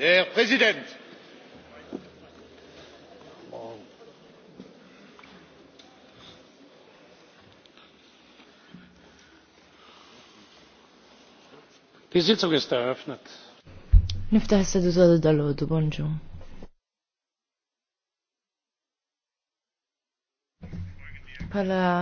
Der Präsident! Die Sitzung ist eröffnet. Niftaħ is-seduta dal-għodu, bonġum. Pala